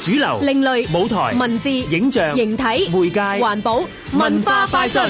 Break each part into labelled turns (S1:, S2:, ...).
S1: 主流、另類、舞台、文字、影像、形體、媒介、環保、文化快訊，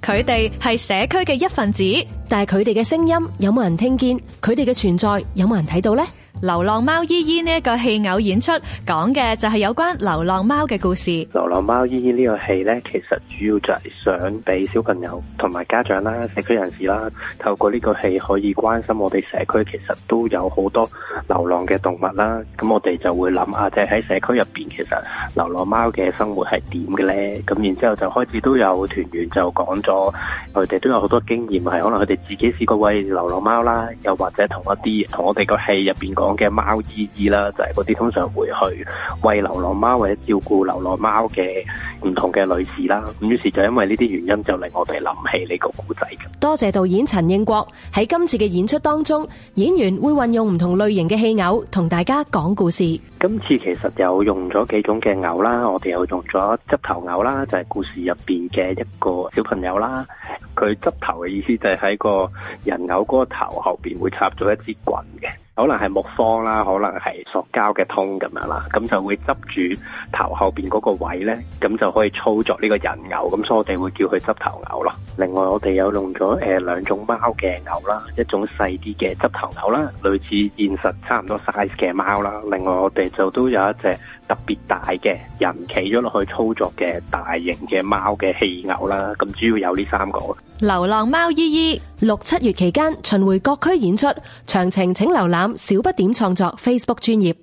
S1: 佢哋係社區嘅一份子。但係佢哋嘅聲音有冇人聽見？佢哋嘅存在有冇人睇到呢？流浪貓依依呢一個戲偶演出，講嘅就係有關流浪貓嘅故事。
S2: 流浪貓依依呢個戲呢，其實主要就係想俾小朋友同埋家長啦、社區人士啦，透過呢個戲可以關心我哋社區，其實都有好多流浪嘅動物啦。咁我哋就會諗下，即係喺社區入邊，其實流浪貓嘅生活係點嘅呢？咁然之後就開始都有團員就講咗。佢哋都有好多經驗，係可能佢哋自己試過餵流浪貓啦，又或者同一啲同我哋個戲入邊講嘅貓姨姨啦，就係嗰啲通常會去餵流浪貓或者照顧流浪貓嘅唔同嘅女士啦。咁於是就因為呢啲原因，就令我哋諗起呢個古仔。
S3: 多謝導演陳應國。喺今次嘅演出當中，演員會運用唔同類型嘅戲偶同大家講故事。
S2: 今次其實有用咗幾種嘅偶啦，我哋又用咗一執頭偶啦，就係、是、故事入邊嘅一個小朋友啦。佢執頭嘅意思就係喺個人偶嗰個頭後邊會插咗一支棍嘅，可能係木方啦，可能係塑膠嘅通咁樣啦，咁就會執住頭後邊嗰個位呢，咁就可以操作呢個人偶，咁所以我哋會叫佢執頭牛咯。另外我哋有用咗誒、呃、兩種貓嘅牛啦，一種細啲嘅執頭牛啦，類似現實差唔多 size 嘅貓啦。另外我哋就都有一隻。特別大嘅人企咗落去操作嘅大型嘅貓嘅戲偶啦，咁主要有呢三個。
S1: 流浪貓依依
S3: 六七月期間巡回各區演出，詳情請瀏覽小不點創作 Facebook 專頁。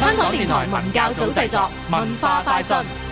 S3: 香港電台文教組製作，文化快訊。